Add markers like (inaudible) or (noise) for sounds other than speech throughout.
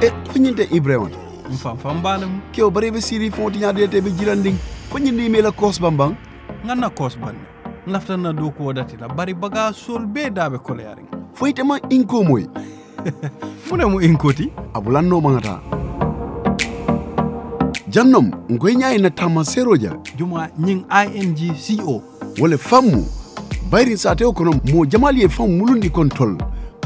e foñinte ibre on mi fam fam mbala mum kew bareɓe siri fontiñadete ɓe jiran ndin foñinde imela kosban ban ganna kosbanne laftanna dow ko wodatila bari baga sol be daabe koleyare foytema inko moy mune mo inkoti abulannomagata jannom ngoy na tama seroja juma ñing ing co wala fammu bayri sate o kono mo jamali ye fam mulundi kon tol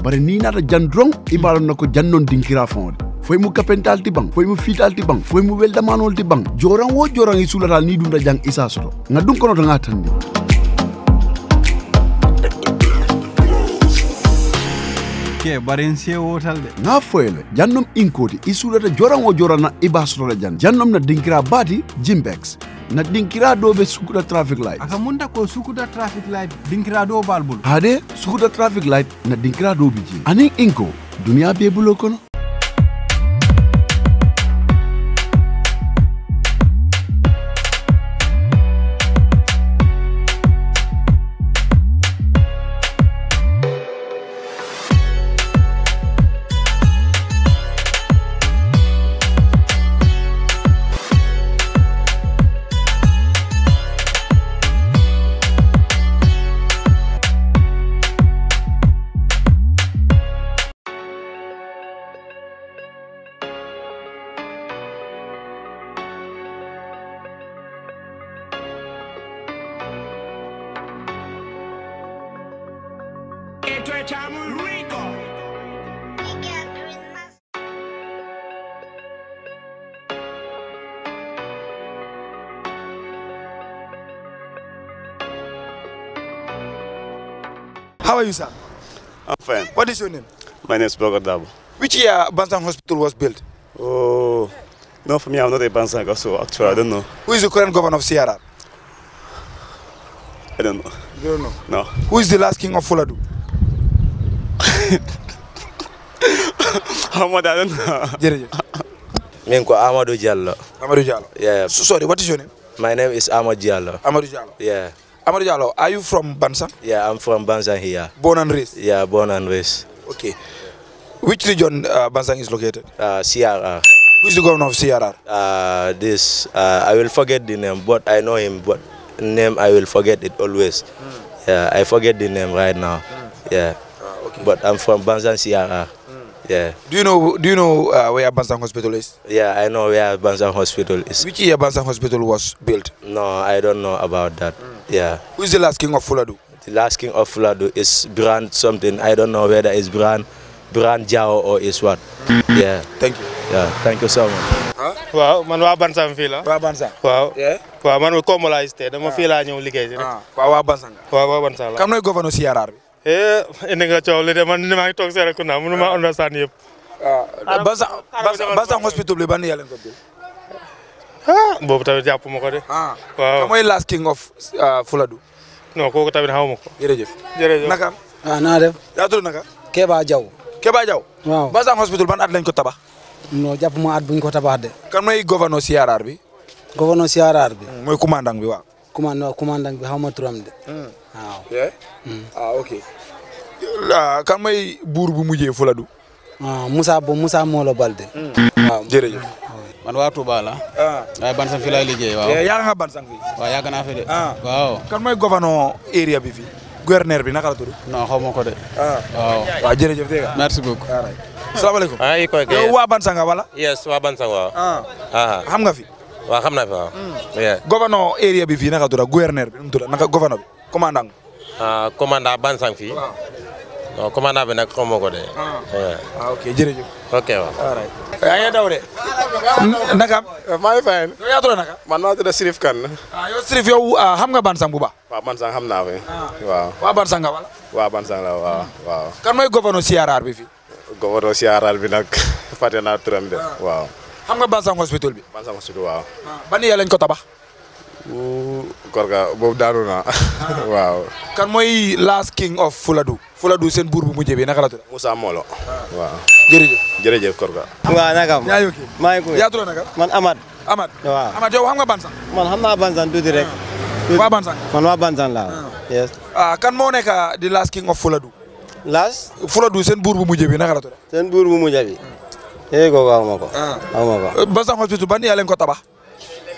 bare ni da jandron i na ko jannon dinkira fonde foy mu kapental ti bang foy mu fital ti bang foy mu manol ti bang joran wo joran yi sulata ni dunda jang isa soto nga dun kono to nga tandi ke barin se wotal de na foyle jannom inkoti isulata joran wo jorana ibasoto la jann jannom na dinkira badi jimbex na dinkiraɗo ɓe sukuɗa traffic light aka munda ko sukuɗa traffic light dinkiraɗo Ada? hade sukuɗa traffic light na dinkiraɗo ɓe je anin inko duniya be bulo kono are you, sir? I'm fine. What is your name? My name is Bogodabo. Which year Bansang Hospital was built? Oh, no, for me, I'm not a Bansang, so actually, I don't know. Who is the current governor of Sierra? I don't know. You don't know? No. Who is the last king of Fuladu? (laughs) Ahmad, I don't know. Jere, Minko Amadou Diallo. Amadou Diallo. Yeah. So, sorry, what is your name? My name is Amadou Diallo. Amadou Diallo. Yeah. Amadou Diallo, are you from Bansan? Yeah, I'm from Bansan here. Born and raised? Yeah, born and raised. Okay. Which region uh, is located? Uh, CRR. Who is the governor of CRR? Uh, this, uh, I will forget the name, but I know him, but name I will forget it always. Mm. Yeah, I forget the name right now. Mm. Yeah. Uh, okay. But I'm from Banzan Sierra. Mm. Yeah. Do you know Do you know uh, where Bansan Hospital is? Yeah, I know where Bansan Hospital is. Which year Bansan Hospital was built? No, I don't know about that. Hmm. Yeah. is the last king of Fuladu? The last king of Fuladu is Brand something. I don't know whether it's Brand, Brand Jao or is what. Mm-hmm. Yeah. Thank you. Yeah. Thank you so much. Wow. man waa Bansang fii la. Wow. Yeah. Wow. waaw man Kombo laa cité dama ah. fii laa ñëw liggéey si. Ah, waaw waa Bansang. waaw waa Bansang la. kam nooy gouverneur si Yaraar bi. Eh, indi nga coow li de man ni maa ngi toog Serekunda mënu ma ah. understand yëpp. waaw Bansang Bansang hospital bi ban yàlla ko boobu tamit jàpp ma ko de. waaw mooy last king of uh, Fuladu. No, kooku tamit xaw ma ko. jërëjëf jërëjëf naka. waaw ah, naa def. yaa naka. Keba Jaw. Keba Jaw. waaw Basan hospital ban at lañ ko tabax. non jàpp ma at buñ ko tabax de. kan mooy Governor CRR hmm, bi. gouverneur CRR bi. mooy commandant bi waaw. commandant commandant bi xaw turam de. waaw. Hmm. Ya? Hmm. ah ok. kan mooy buur bu mujjee Fuladu. Ah, Moussa bo Moussa Molo Balde. waaw jërëjëf man waa Touba la. ban sang fi lay liggéey waaw. ya nga sang fi wa ya naa fi de. Ah. waaw. kan moy gouverneur area bi fi gouverneur bi naka la tudu non xaw de ah de. waaw waaw jërëjëf dégg nga. merci beaucoup. salaamaaleykum. maa ah, ngi koy eh, wa ban sang wala. yes waa Bansang waaw. Ah. xam nga fi. wa xam na fi waaw. Hmm. gouverneur area bi fi naka tudu gouverneur bi naka gouverneur bi commandant. commandant sang fi non commandant bi nag xamoo ko de. Ah. ah ok jërëjëf. ok waaw. yaa ngi daw de. naka. maa ngi fayal. yow yaa tudd naka. man maa tudd Sirif Kane. ah yow Sirif yow ah, xam nga Bansang bu baax. waaw Bansang xam naa fi. Ah. waaw waaw Bansang nga wala. waaw Bansang la waaw waaw. kan mooy gouverneur Siyaraar bi fii. gouverneur bi nag (laughs) fàtte naa turam de waaw. xam nga Bansang hospital bi. Bansang hospital waaw. ban lañ ko tabax. korka boobu daanu na ah. (laughs) waaw kan moy last king of fuladu fuladu sen bour bu mujj bi naka la Moussa Molo ah. waaw jere jere korka wa nakam ya ngi may ko ya yaa tudd man Amad Amad waaw Amad yow xam nga Bansan man xam na Bansan tuuti rek ah. wa Bansan man wa Bansan la yes ah kan mo neka di last king of fuladu last fuladu sen bour bu mujj bi naka la tudd seen bu mujj bi eh kooku xawma ko xawma ko Bansan hospital ban ya len ko tabax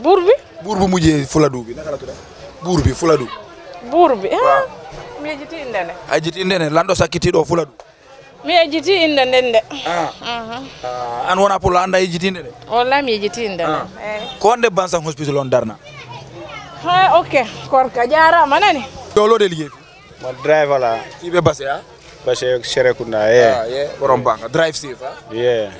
burbi burbi buur bu mujjee Fuladu bi naka la tudd buur bi Fuladu. buur bi ah. mi ejiti indene. a indene lando sakkitiɗo Fuladu. mi ejiti inde nden nde ah. Mhm. Ah, an wona pour anda ejitinde nde walla mi ejitinde nde ah. eh. ko wonde bansan hospital on darna ha ok korka jarama nani jolode liggey mo driver la fiɓe base a base serekunda eh. ye borom banga drive sif yeah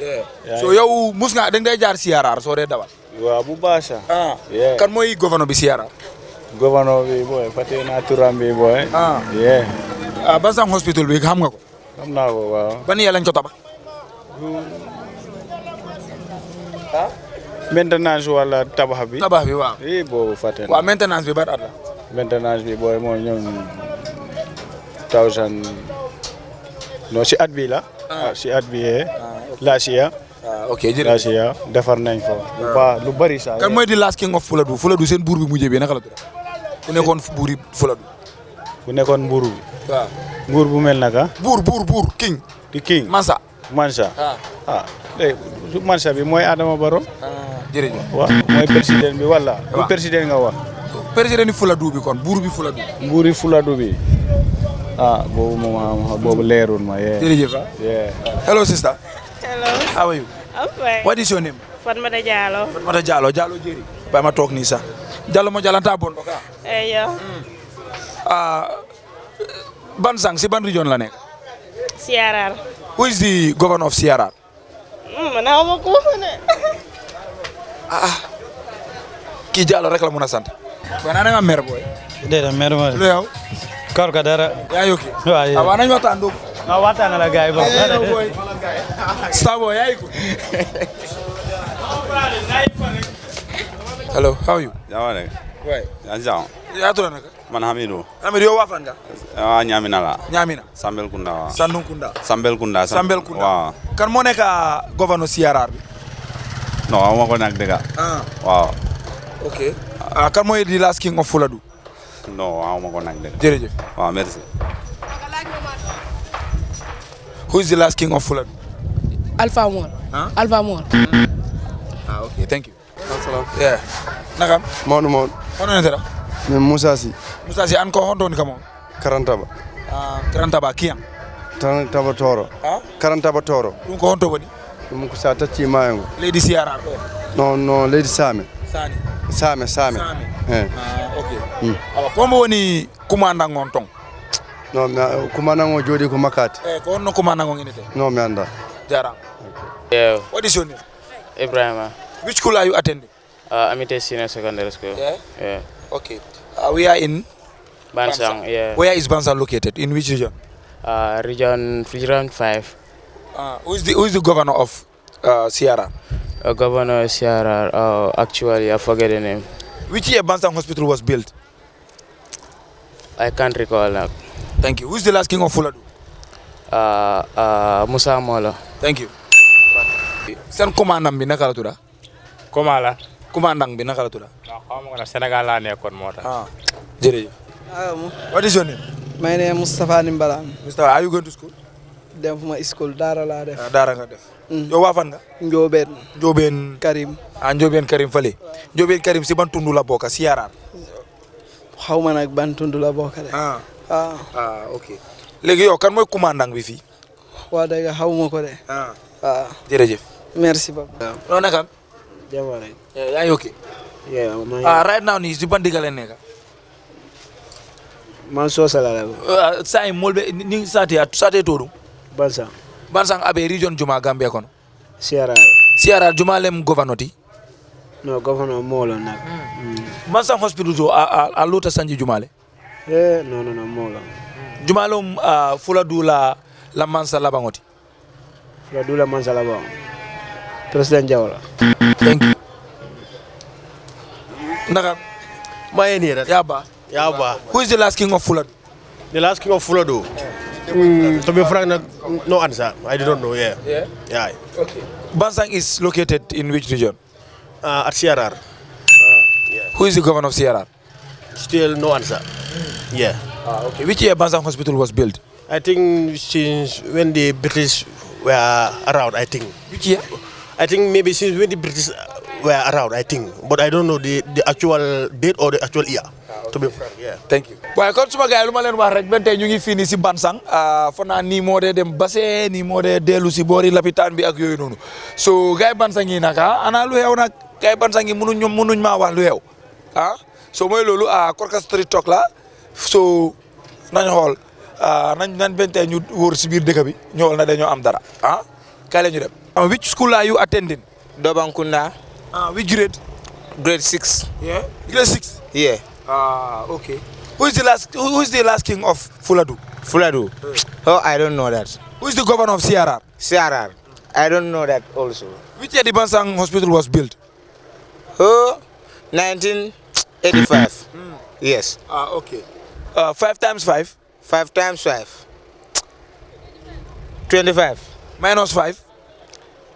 so yow musga ɗen de jar siyarar sore dawal waaw bu baasa. Ah. kan mooy gouverneur bi si Yara. gouverneur bi booy fàtte naa turam bi booy. ah yeah. Ah, hospital bi xam nga ko. xam naa ko lañ ko tabax. Hmm. ah. maintenance wala tabax bi. tabax bi waaw. eh boobu fàtte naa. waaw maintenance bi ban at la. maintenance bi booy mooy ñoom. thousand non si at bi la. Ah. si at bi yee. ah ya Ah, ok jërëjëf Asia euh, defar nañ fa. Ah. lu baax lu bari sa kan mooy di last king of Fuladu Fuladu seen buur bi mujjee bi naka la tudd. ku nekkoon buur yi Fuladu. ku nekkoon buur bi. waaw ah. buur bu mel naka. buur buur buur king. di king Mansa. Mansa ah ah. Eh, Mansa bi mooy Adama Barrow. jërëjëf waaw mooy président bi wala. bu président nga wax. président Fuladu bi kon buur bi Fuladu. buur yi Fuladu bi. ah boobu moom boobu leerul ma. jërëjëf Yeah. hello sister. Carlos. How are you? I'm fine. What is your name? Fatmata Jalo. Fatmata Jalo, Jalo Jerry. Ba ma tok ni sa. Jalo mo jalan tabon baka. Eh yo. Ah ban sang si ban region la nek? Sierra. Who is the governor of Sierra? Mm, na ko ne. Ah. Ki jalo rek la mëna sant. Ba na nga mer boy. Dede mer boy. yow? Kar ka dara. Ya yoki. Wa ya. Awana ñu Na wata na lagay ba? Iya, iya, Starboy, ay ko. Hello, how are you? Jawa ne. Right. Anjao. Ya, ya tura naka. Man Hamidu. Hamidu yo wafan ga? Ya, ah nyamina la. Nyamina. Sambel kunda. Sandun kunda. Sambel kunda. Sambel kunda. Wow. Kan mo neka governor CRR bi? No, awon ko nak dega. Ah. Wow. Oke. Ah kan mo di last king of Fuladu? No, awon ko nak dega. Jerejef. Wow, merci. Who is the last king of Fulham? Alpha One. Huh? Alpha Mall. Ah, ah, okay. Thank you. Salam. Yeah. Nakam? Mon mon. Hono netera? Ni Musa si. Musa si an ko hondon kamo? Karantaba. Ah, Karantaba kiyam. Karantaba toro. Ah? Karantaba toro. Dum ko honto woni? Dum ko sa tacci mayango. Lady Siara ko. No, no, Lady Sami. Sami. Sami Sami. Sami. Eh. Ah, okay. Mm. Awa kombo woni kumanda ngonton? non mi eh, kumanango jooɗi ko makkati eyyi ko wonno kumanango guine te non mi anda jarama yew what is your name ibrahima which school are you attending uh, amite senior secondary school yeah, yeah. okay uh, we are in bansang, bansang. yeah where is bansang located in which region uh, region region 5 uh, who is the who is the governor of uh, Sierra? Uh, governor Sierra. Uh, actually, I forget the name. Which year Bansang Hospital was built? I can't recall. Now. Thank you. Who's the last king of Fuladu? Uh, uh, Musa Mola. Thank you. Sen commandant bi naka tuda? Komala. la? Commandant bi naka la tuda? Xawma ko Senegal la nekkon Ah. Jerejef. What is your name? My name is Mustafa Nimbalan. Mustafa, are you going to school? dem fuma school dara la def ah, dara nga def mm. yo wa fan nga njoben njoben karim a ah, Ben karim fale Ben karim si ban tundu la boka si yarar xawma nak ban tundu la boka de ah Ah, ah ok legui yow kan moy commandant bi wa day nga xawuma ko de. ah waaw ah. jërëjëf. merci beaucoup. waaw ah. non naka. jàmm rek. Eh, yaa ngi ok. ah right now ni di ban digga leen nekk. man sala la. Ah, sa ay molbe ni sa te toru bansan. bansan abe region juma gambia kono. siara. siara juma lem governor ti. governor moolon nak. Hmm. bansan hospital jo a a a sanji juma eh no non non mola jumalum uh, fula dula la mansa la bangoti fula dula mansa la bang president jawla thank you naka mayeni rat yaba yaba who is the last king of fulad the last king of fulad mm, to be frank no answer i don't know yeah yeah, yeah. okay bansang is located in which region uh, at crr uh, yeah. who is the governor of crr still no answer Yeah. Ah, okay. Which year Banzan Hospital was built? I think since when the British were around, I think. Which year? I think maybe since when the British were around, I think. But I don't know the, the actual date or the actual year. Ah, to be frank yeah thank you waaye kon suma gaay lu ma leen wax rek ben tey ñu ngi fii nii Bansang ah, fo naa nii moo dee dem basee nii moo dee dellu si boori lapitaan bi ak yooyu noonu so gaay Bansang yi nag ah ana lu xew nag gaay Bansang yi munuñ ñoom munuñ maa wax lu xew ah so mooy loolu ah Korka Street Talk la so nañ xool ah, nañ nañ bentee ñu wóor si biir dëkk bi ñu na am dara ah kay ñu dem. Ah, which school are you attending? Dobankunda. ah which grade? grade six. yeah grade six. yeah. ah okay. who is the last who is the last king of Fuladu? Fuladu. Hmm. oh I don't know that. who is the governor of CRR? CRR. I don't know that also. Which year the Bansang Hospital was built? Oh, 1985. Hmm. yes. Ah, okay. Uh, 5 times 5? 5 times 5. 25. Minus 5?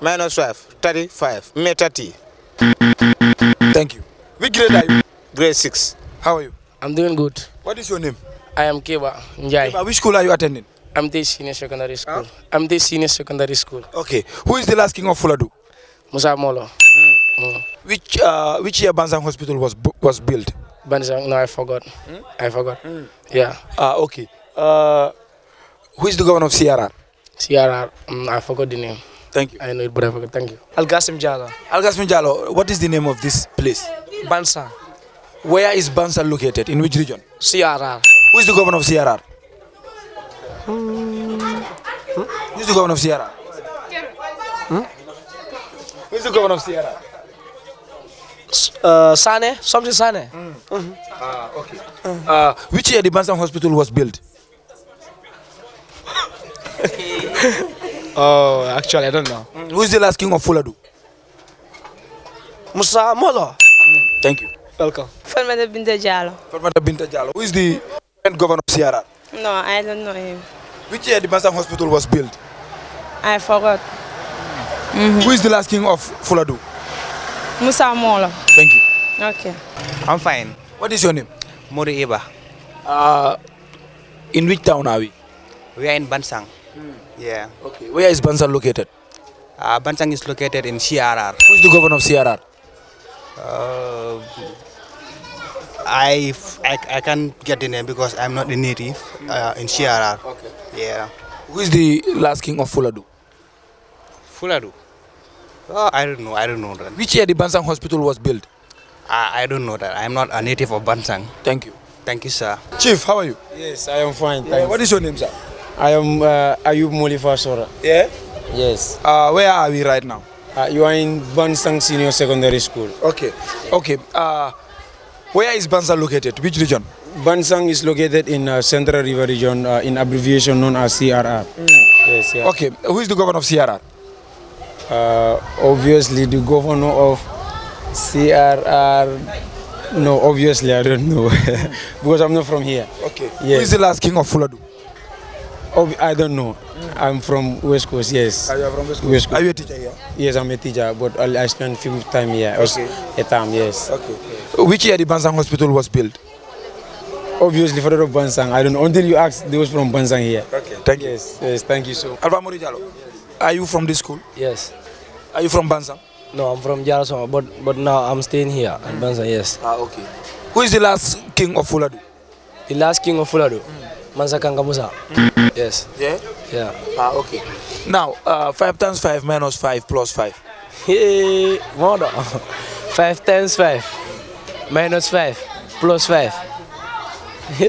Minus 5. 35. Me 30. Thank you. Which grade are you? Grade 6. How are you? I'm doing good. What is your name? I am Keba Njai. Keba, which school are you attending? I'm the senior secondary school. Huh? I'm the senior secondary school. Okay. Who is the last king of Fuladu? Musa Molo. Mm. Mm. Which, uh, which year Banzan Hospital was, was built? Banzang. No, I forgot. Mm? I forgot. Mm. Yeah. Ah, okay. Uh, who is the governor of Sierra? Sierra. Um, I forgot the name. Thank you. I know it, but I forgot. Thank you. Algasim Jalo. Algasim Jalo. What is the name of this place? Bansa. Where is Bansa located? In which region? Sierra. Who is the governor of Sierra? Hmm? Who is the governor of Sierra? Hmm? Who is the governor of Sierra? Uh, Sane, something Sane. Mm. Mm -hmm. Ah, okay. Mm. Uh, which year the Bansan Hospital was built? (laughs) oh, actually, I don't know. Mm, who is the last king of Fuladu? Musa Molo. Thank you. Welcome. Fatmata Binta Jalo. Fatmata Who is the governor of Sierra? No, I don't know him. Which year the Bansan Hospital was built? I forgot. Who is the last king of Fuladu? Musa Molo. Okay. I'm fine. What is your name? Mori Eba. Uh, in which town are we? We are in Bansang. Hmm. Yeah. Okay. Where is Bansang located? Uh, Bansang is located in CRR. Who is the governor of CRR? Uh, I, I, I can't get the name because I'm not a native uh, in CRR. Okay. Yeah. Who is the last king of Fuladu? Fuladu? Oh, I don't know. I don't know. Which year the Bansang Hospital was built? I, I don't know that. I'm not a native of Bansang. Thank you. Thank you, sir. Chief, how are you? Yes, I am fine. Yeah, what is your name, sir? I am uh, Ayub Molifasora. Yeah? Yes. Uh, where are we right now? Uh, you are in Bansang Senior Secondary School. Okay. Okay. Uh, where is Bansang located? Which region? Bansang is located in uh, Central River Region, uh, in abbreviation known as CRR. Mm. Yes, yeah. Okay, who is the governor of CRR? Uh, obviously, the governor of CRR. No, obviously I don't know (laughs) because I'm not from here. Okay. Yeah. Who is the last king of Fuladu? I don't know. I'm from West Coast, yes. Ah, are you from West Coast? West Coast. Are you a teacher here? Yes, I'm a teacher, but I spent few time here. Okay. A time, yes. Okay. Which year the Bansang Hospital was built? Obviously, for the Bansang. I don't know. Until you ask those from Bansang here. Okay. Thank yes, you. Yes, thank you so much. Alva Morijalo, yes. are you from this school? Yes. Are you from Bansang? No, I'm from Jaro, but but now I'm staying here at mm. yes. Ah, okay. Who is the last king of Fuladu? The last king of Fuladu? Mm. Mansa Kangamusa. Mm. Yes. Yeah? Yeah. Ah, okay. Now, uh, 5 times 5 minus 5 plus 5. Hey, mother. (laughs) 5 times 5 minus 5 plus 5.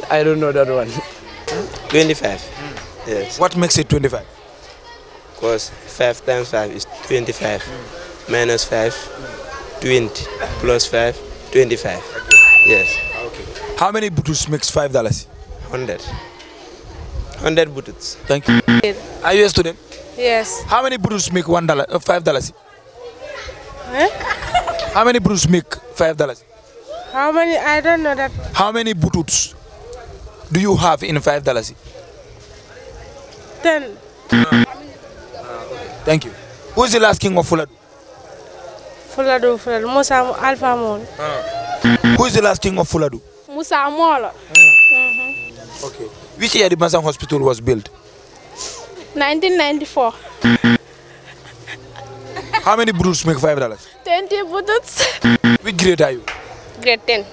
(laughs) I don't know that one. (laughs) 25. Yes. What makes it 25? Because 5 times 5 is 25 minus 5, 20, plus 5, 25. Yes. Okay. How many butts makes $5? 100. 100 butts. Thank you. Are you a student? Yes. How many butts make $1, dollar, uh, $5? Eh? How many butts make $5? How many? I don't know that. How many butts do you have in $5? 10. Uh, Thank you. Who is the last king of Fuladu? Fuladu, Fuladu. Musa Alpha Molo. Ah. Who is the last king of Fuladu? Musa Molo. Ah. Okay. Which year the Masan Hospital was built? 1994. (laughs) How many brutes make five dollars? Twenty brutes. (laughs) Which grade are you? Grade ten.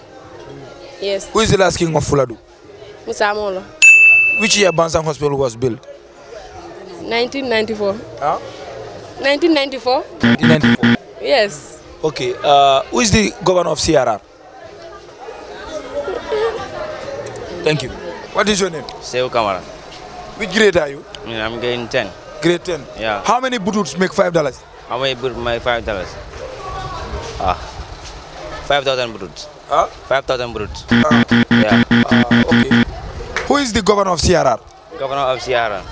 Yes. Who is the last king of Fuladu? Musa Musamolo. Which year Bansan Hospital was built? 1994. Huh? Ah. 1994. 1994. Yes. Okay. Uh, who is the governor of CRR? Thank you. What is your name? Seo Kamara. Which grade are you? Yeah, I'm getting 10. Grade 10? Yeah. How many boots make $5? How many boots make $5? Ah. 5,000 brutes. Huh? 5,000 brutes. Uh, yeah. Uh, okay. Who is the governor of CRR? Governor of CRR.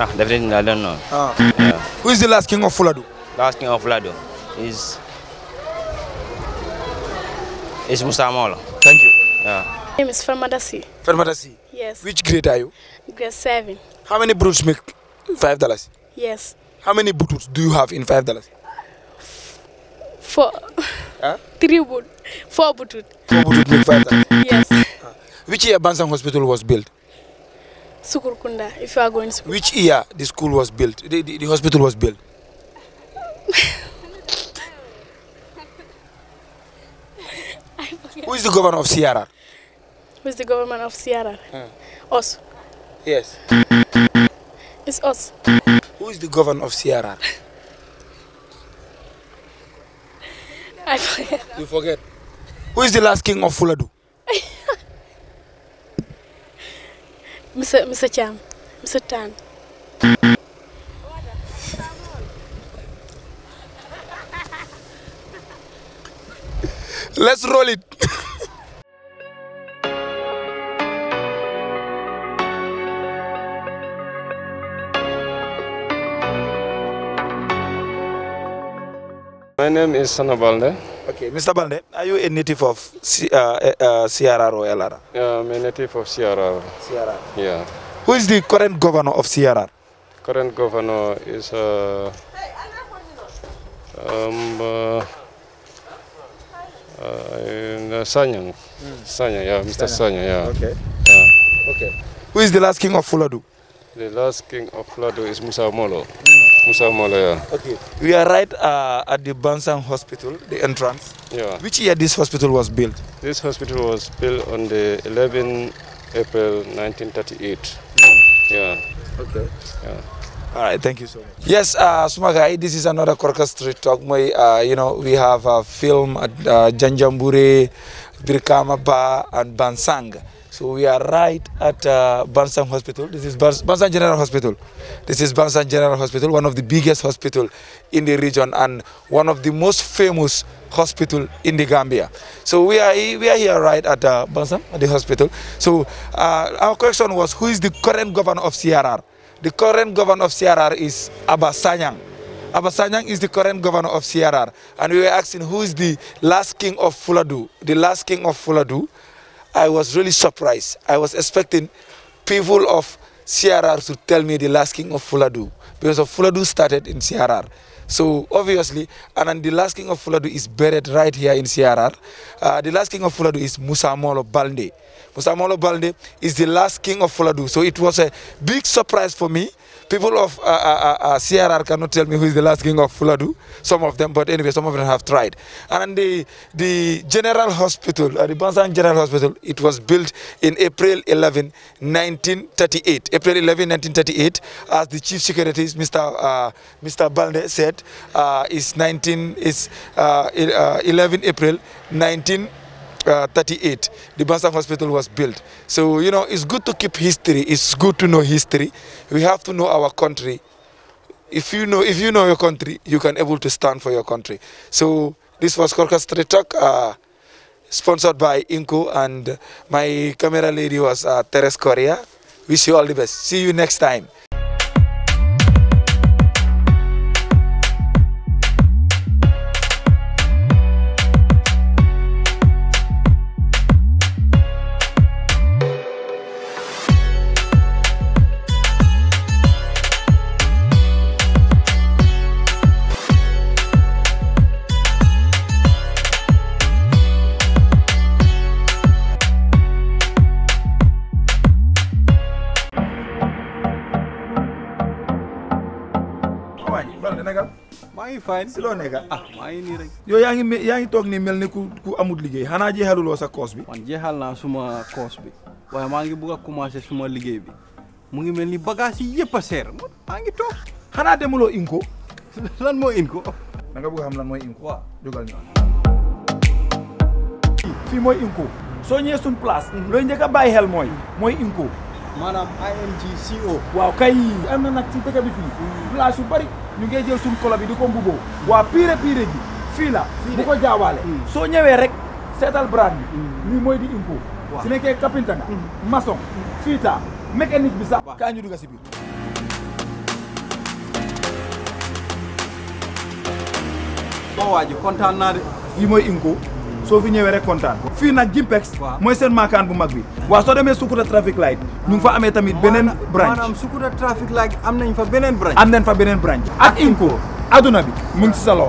Ah, definitely, I don't know. Uh. Yeah. Who is the last king of Fuladu? asking of Lado, is is Musa Thank you. Yeah. My name is Fermadasi. Fermadasi? Yes. Which grade are you? Grade 7. How many broods make $5? Yes. How many broods do you have in $5? Four. Huh? (laughs) Three boot. Four boot. Four boot make $5? Yes. Huh. Which year Bansang Hospital was built? Sukurkunda, if you are going to school. Which year the school was built, the, the, the hospital was built? Who is the governor of Sierra? Who is the government of Sierra? Mm. Us. Yes. It's us. Who is the governor of Sierra? (laughs) I forget. You forget. Who is the last king of Fuladu? (laughs) Mr. Mr. Cham. Mr. Tan. Let's roll it. My name is Sana Balde. Okay, Mr. Balde, are you a native of C uh, eh, uh, CRR or LRR? Yeah, I'm a native of CRR. CRR? Yeah. Who is the current governor of CRR? Current governor is uh, um, uh, uh, Sanyan. Mm. yeah, Mr. Sanyan, yeah. Okay. Yeah. Okay. Who is the last king of Fuladu? The last king of Fuladu is Musa Molo. Mm. Musa Molo, yeah. Okay. We are right uh, at the Bansang Hospital, the entrance. Yeah. Which year this hospital was built? This hospital was built on the 11 April 1938. Mm. Yeah. Okay. Yeah. All right, thank you so much. Yes, uh, Sumagai, this is another Korka Street Talk. uh, you know, we have a film at uh, Janjambure, Ba, and Bansang. So we are right at uh, Bansang Hospital. This is Bansang General Hospital. This is Bansang General Hospital, one of the biggest hospital in the region and one of the most famous hospital in the Gambia. So we are we are here right at uh, Bansang, at the hospital. So uh, our question was, who is the current governor of CRR? The current governor of CRR is Abasanyang. Abasanyang is the current governor of CRR. And we were asking who is the last king of Fuladu, the last king of Fuladu. I was really surprised. I was expecting people of CRR to tell me the last king of Fuladu because of Fuladu started in CRR. So obviously, and then the last king of Fuladu is buried right here in CRR. Uh, the last king of Fuladu is Musa Molo Balde. Musamolo Balde is the last king of Fuladu. So it was a big surprise for me. People of uh, uh, uh, uh CRR cannot tell me who is the last king of Fuladu. Some of them, but anyway, some of them have tried. And the, the General Hospital, uh, the Bansan General Hospital, it was built in April 11, 1938. April 11, 1938, as the Chief Secretary, Mr. Uh, Mr. Balde said, is 19 is 11 April 19. Uh, 38, the Bansang Hospital was built. So, you know, it's good to keep history. It's good to know history. We have to know our country. If you know, if you know your country, you can able to stand for your country. So this was Korka Street Talk, uh, sponsored by Inco, and my camera lady was uh, Teres Correa. Wish you all the best. See you next time. fine si loo nekka ah. ah maa ngi nii rek yow yaa ngi toog nii mel ni ku ku amul liggéey xanaa jeexaluloo sa course bi man jeexal naa suma course bi waaye maa ngi bugg a commencé suma liggéey bi mu ngi mel ni bagage yi yëpp a seer maa ngi toog xanaa demuloo inko (laughs) lan moo inko da nga a xam lan mooy inko waaw jógal ñu fii mooy inko soo ñëwee suñ place looy njëkk a bàyyi xel mooy mooy inko maanaam IMGCO. waaw kay am na nag ci dëkk bi fii. Hmm. place yu bari ñu ngay jël suñu bi di ko mbuboo. waa pire pire ji fii la. bu ko jaawaale. Hmm. soo ñawee rek seetal brand bi. Hmm. lii mooy di impo. waaw nekkee kapinta nga. maçon fiita mécanique bi sax. kaa ñu dugg si biir. waaw kontaan naa de. lii mooy inko soo fi ñëwee rek Gimpex, fii nag macan mooy seen maakaan bu mag bi waaw soo demee Sukuta traffic light ñu ngi fa me tamit beneen branch maanaam Sukuta traffic light am nañ fa beneen branch am nañ fa beneen branch ak Inco aduna bi mu ngi si sa loxo